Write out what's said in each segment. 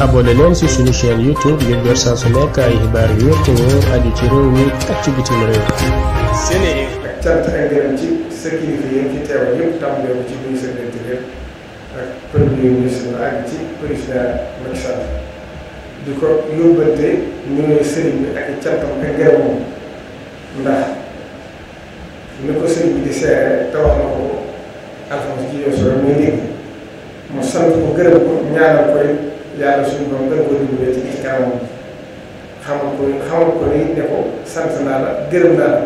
abonné leen YouTube ngir jot saa su nekk ay xibaar yu wér te wóor aju ci réew mi ak ci bitim réew. SeneInfo. cant ak ngërëm ci sa kilifa yi ci teew yëpp tàmbalee ci ministre de l'Intérieur ak premier ministre la ak ci président Macky Sall di ko yóbbante ñu ne sëriñ bi ak cantam ak ngërëmam ndax ni ko sëriñ bi di seere te wax na ko Alphonse Diop sooy muy mu sant ko yàlla suñu borom gën koo dimbalee ci ci kanamam xamal ko xamal ko ni ne ko sant naa la gërëm naa la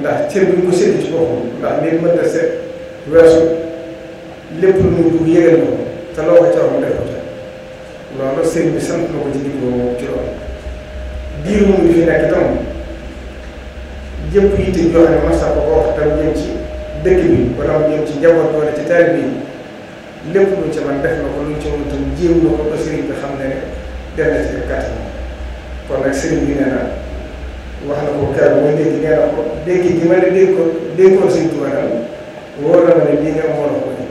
ndax cër bi ñu ko sédd ci boppam ndax léegi mën na seet weesu lépp lu muy dugg yëgal na ko te loo ko caaw mu def ko ca loolu sëñ bi sant na ko ci digg boobu ci loolu diir moom fi nekk tam jëpp yi te jox ne masa ko ko wax tam jëm ci dëkk bi wala mu jëm ci njaboot wala ci taal bi lépp luñ ci man def na ko luñ ci mën tam jéem na ko ba sëriñ bi xam ne ne dem na ci def kàttan kon nag sëriñ bi nee na wax na ko kàddu ba léegi nee na ko dégg gi ma ne dégg ko dénkoon sëriñ Tuubaa daal wóor na ma ne lii nga moo na ko ni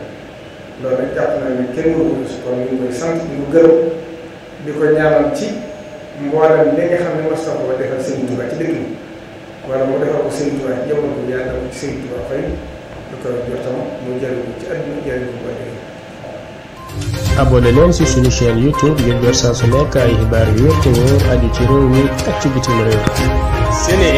loolu nag jàpp na ne kenn waru ko si kon ñu ngi koy sant ñu ko gërëm di ko ñaanal ci mboolem li nga xam ne mas na ko ba defal sëriñ Tuubaa ci dëkk bi wala mu defal ko sëriñ Tuubaa jëmal ko yàlla ko ci sëriñ Tuubaa fay lu ko jox tam mu jëriñu ci àdduna jëriñu ko abonné leen si suñu chaîne YouTube ngir jot saa su nekk ay xibaar yu wér te ci réew mi ak ci bitim réew